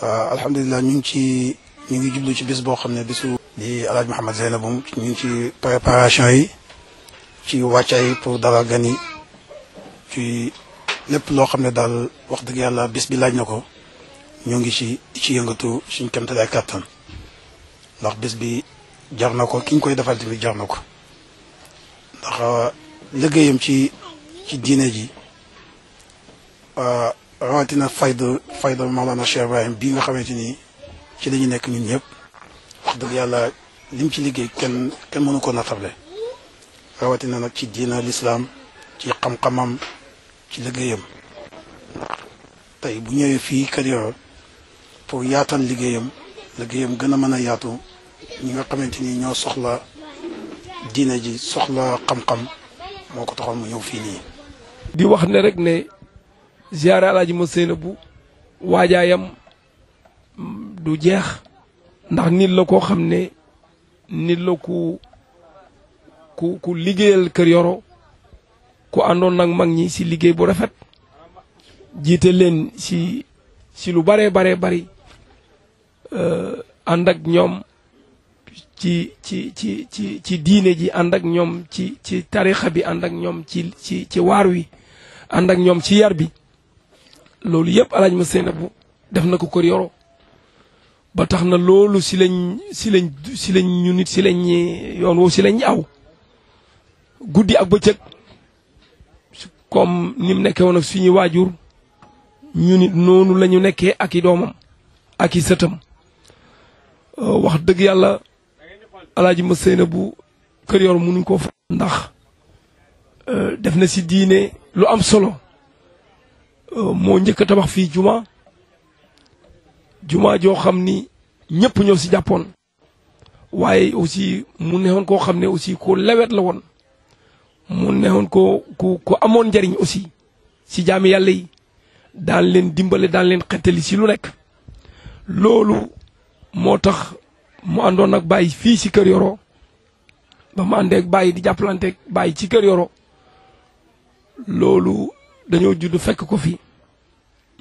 Euh, alhamdulilah ñu ngi ci ñu ngi jublu ci bis boo xam ne bisu. di El Hadj Mouhamed Zeynabou ñu ngi ci préparation yi ci wàccaay pour dara gan ci lépp loo xam ne daal wax dëgg yàlla bis bi laaj na ko ñoo ngi ci ci yëngatu suñ kemtalaay kàttan ndax bis bi jar na ko ki ñu koy defal tamit jar na ko ndax euh, liggéeyam ci ci diine ji. Euh, rawatina faydo fayda Maolana Cheikh Ibrahim bii nga xamante ni ci dañu nekk ñun ñëpp wax dëgg yàlla lim ci liggéey kenn kenn mënu ko natable rawatina nag ci diina lislaam ci xam-xamam ci liggéeyam tey bu ñëwee fii Kër pour yaatal liggéeyam liggéeyam gën a mën a yaatu ñi nga xamante ni ñoo soxla diina ji soxla xam-xam moo ko taxoon mu ñëw fii nii. di wax ne rek ziyaare alaaji ma séyna bu waajaayam du jeex ndax nit la koo xam ne nit la ku ku ku liggéeyal kër yoro ku àndoon nag mag ñi ci liggéey bu rafet jiite leen ci si lu baree baree bari euh, ànd ak ñoom ci ci ci ci ci diine ji ànd ak ñoom ci ci tarixa bi ànd ak ñoom ci ci ci waar wi ànd ak ñoom ci yar bi loolu yëpp alaaj ma bu def na ko kër yoro ba tax na loolu si lañ si lañ si lañ ñu nit si lañ yoon woo si lañ aw guddi ak bëccëg comme ni mu nekkee woon ak suñuy waajur ñu nit noonu la ñu nekkee ak i doomam ak i sëtam euh, wax dëgg yàlla alaaji ma bu kër yor mënuñ koo fa ndax euh, def na si diine lu am solo Euh, mo ñëk a tabax fi juma juma jo xamni ñëpp ñoo si Japon waye aussi mu neewon ko xamne aussi ko lewet la won mu neewon ko ku ku amoon aussi si jami yalla yi dal leen dimbalé dal leen xettali si lu rek lolu motax mu andon ak bàyyi fi ci kër yoro ba ande ak di ak bàyyi ci kër yoro lolu dañoo judd fekk ko fi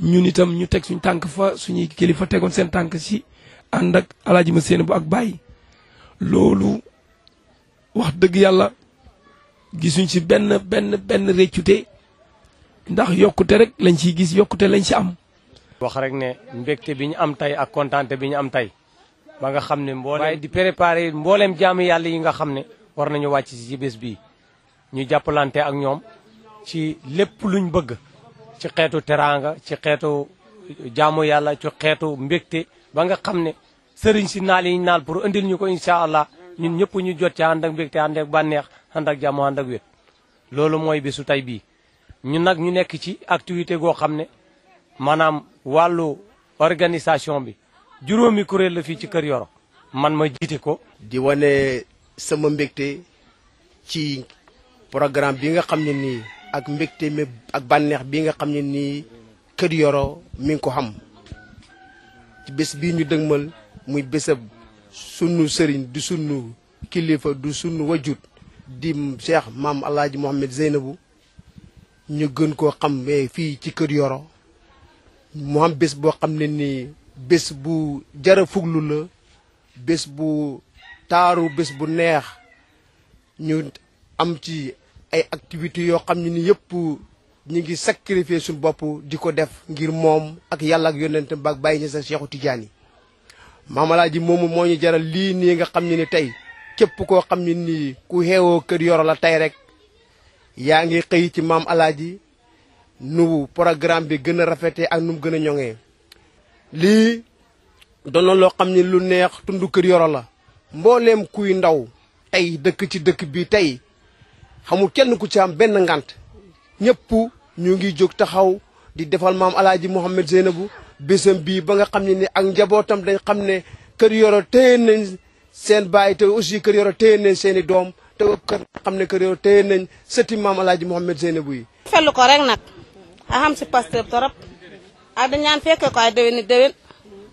ñun itam ñu teg suñ tànk fa suñuy kilifa tegoon seen tànk si ànd ak alaaji ma seen bu ak bàyyi loolu wax dëgg yàlla gisuñ ci benn benn benn réccute ndax yokkute rek lañ ciy gis yokkute lañ ci am. wax rek ne mbégte bi ñu am tey ak kontaante bi ñu am tey ba nga xam ne mboolem waaye di préparer mboolem jaamu yàlla yi nga xam ne war nañu wàcc ci bés bi ñu jàppalante ak ñoom. ci lépp luñ bëgg ci xeetu teraanga ci xeetu jaamu yàlla ci xeetu mbégte ba nga xam ne sëriñ si naal yi ñu naal pour indil ñu ko incha allah ñun ñëpp ñu jot ci ànd ak mbégte bànneex ànd ak jàmm ànd wét loolu mooy bésu tey bii ñun nag ñu nekk ci activité goo xam ne maanaam wàllu organisation bi juróomi kuréel la fii ci Kër Yoro man ma jiite ko di wane sama mbégte ci programme bi nga xam ne nii ak mbégte mi ak bànneex bii nga xam ne nii Kër Yoro mi ngi ko xam ci bés bii ñu dëgmal muy bésab sunu sëriñ du sunu kilifa du sunu wajut di Cheikh maam Alaaji Mohamed Zeynabu ñu gën koo xam fii ci Kër Yoro mu am bés boo xam ne nii bés bu jara fuglu la bés bu taaru bés bu neex ñu am ci ay activités yoo xam ne ni yëpp ñu ngi sacrifier suñu bopp di ko def ngir moom ak yàlla ak yonente ba bàyyi ñu sa Seexu Tijaan yi maamalaaji moomu moo ñu jaral lii nii nga xam ne ni tey képp koo xam ne nii ku xeewoo kër yoro la tey rek yaa ngi xëy ci maam alaaji nu programme bi gën a rafetee ak nu mu gën a ñoŋee lii doon loo xam ne lu neex tund kër yoro la mbooleem kuy ndaw tey dëkk ci dëkk bi tey xamul kenn ku ci am benn ngant ñëpp ñu ngi jóg taxaw di defal maam alaaji Mouhamed Zeynabu bésam bii ba nga xam ne ni ak njabootam dañ xam ne kër yoro téye nañ seen baay te aussi kër yoro téye nañ seen doom te kër xam ne kër yoro téye nañ sëti maam alaaji Mouhamed Zeynabu yi felu ko rek nag a xam si pasteur torop ak dañaan fekke ko ay déwéni déwén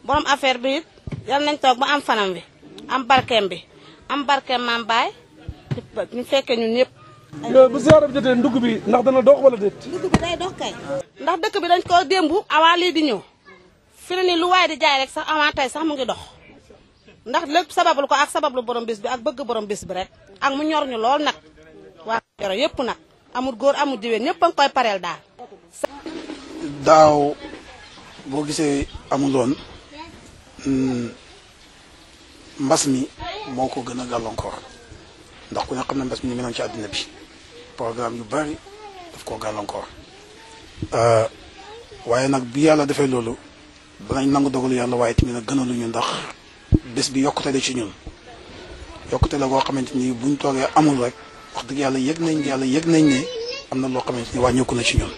borom affaire bi it yal nañ toog ba am fanam bi am barkeem bi am barkeem maam baay ñu fekkee ñun ñëpp bu ziara bi jotee ndugg bi ndax dana dox wala déet. ndugg bi day dox kay. ndax dëkk bi dañ ko démb avant di ñëw fi ne lu waay di jaay rek sax avant tey sax mu ngi dox ndax lépp sabablu ko ak sabablu borom bis bi ak bëgg borom bis bi rek ak mu ñor ñu lool nag waa yoro amul amul koy daal. amul hmm, mi ndax ku mi ñu ci bi. programme yu bari daf koo gàllankoor euh, waaye nag bi yàlla defee loolu danañ nangu dogalu yàlla waaye tamit nag gënaluñu ndax bés bi yokkute la ci ñun yokkute la koo xamante ni buñ toogee amul rek wax dëgg yàlla yëg nañ yàlla yëg nañ ne am na loo xamante ni wàññeeku na ci ñun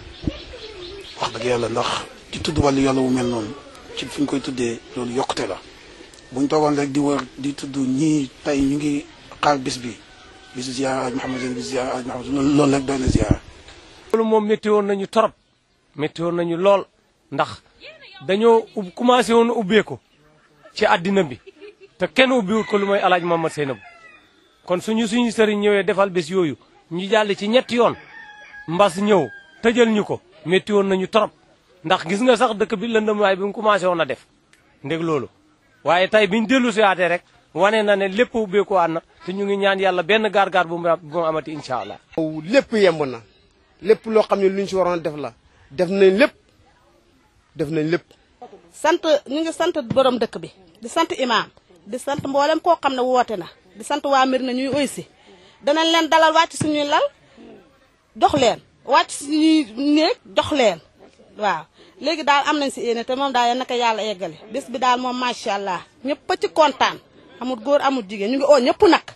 wax dëgg yàlla ndax ci tudd wàllu yàlla wu mel noonu ci fi ñu koy tuddee loolu yokkute la buñ toogoon rek di wër di tudd ñii tey ñu ngi xaar bés bi bisu ziyaara aj Mouhamed Sène bisu ziyaara aj Mouhamed loolu rek doy na ziyaara. loolu moom métti woon nañu torop métti woon nañu lool ndax dañoo ub commencé woon ubbeeku ci àddina bi te kenn ubbiwul ko lu mooy alaaj Mouhamed Seynabu kon suñu suñu sëriñ ñëwee defal bés yooyu ñu jàll ci ñetti yoon mbas ñëw tëjal ñu ko métti woon nañu torop ndax gis nga sax dëkk bi lëndëm waay bi mu commencé woon a def ndég loolu waaye tey biñ dellu si rek wane na ne lépp ubbeeku waat na te ñu ngi ñaan yàlla benn gaar-gaar bu mu amati incha allah. lépp yemb na lépp loo xam ne lu ñu si waroon a def la def nañ lépp def nañ lépp. sant ñu ngi sant borom dëkk bi di sant imaam di sant mboolem koo xam ne woote na di sant waa Mirina ñuy oy si danañ leen dalal wàcc suñuy lal jox leen wàcc suñuy néeg jox leen waaw léegi daal am nañ si yéene te moom daal yal na ko yàlla eggale bés bi daal moom macha allah ñëpp a ci kontaan amut góor amul jigéen ñu ngi oo ñëpp nag.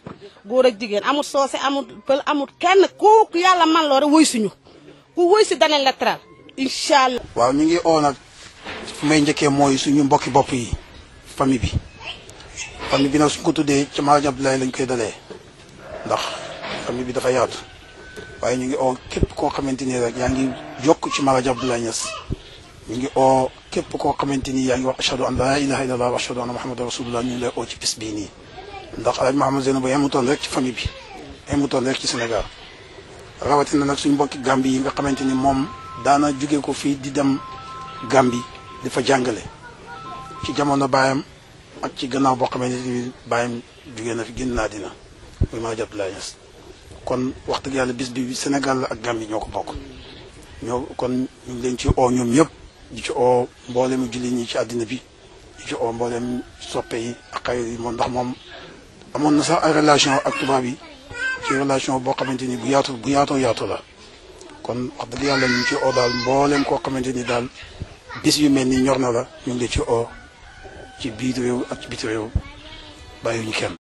góor ak jigéen amut soose amut pël amut kenn ku yàlla man loo rek woy suñu ku woy si danañ la allah. waaw ñu ngi oo nag may njëkkee mooy suñu mbokki bopp yi famille bi famille bi nag suñ ko tuddee ci Maam Abdoulaye lañ koy dalee ndax famille bi dafa yaatu waaye ñu ngi oo képp koo xamante ni rek yaa ngi yokk ci Maam Abdoulaye Niass ñu ngi oo képp koo xamante ni yaa ngi wax ashhadu an la ilaha illallah ñu ngi lay oo ci bis bii nii ndax El Hadj Mouhamed Zeynabou yemutoon rek ci famille bi yemutoon rek ci senegal rawatina nag suñ mbokki Gambie yi nga xamante ni moom daana jóge ko fii di dem Gambie di jàngale ci jamono baayam ak ci gannaaw boo xamante ni baayam jóge na fi génn naa dina muy maa jot laa ñes kon wax dëgg yàlla bis bi Sénégal ak Gambie ñoo ko bokk ñoo kon ñu ngi leen ci oo ñoom ñëpp di ci oo mboolem jullit ñi ci àddina bi di ci oo mboolem soppe yi ak xayir moom ndax moom amoon na sax ay relation ak tubaab ci relation boo xamante ni bu yaatu bu yaatoo yaatu la kon wax dëgg yàlla ñu ci oo daal mbooleem koo xamante ni daal bis yu mel ni ñor na la ñu ngi ci oo ci biir réew ak ci biti réew bàyyiwuñu kenn.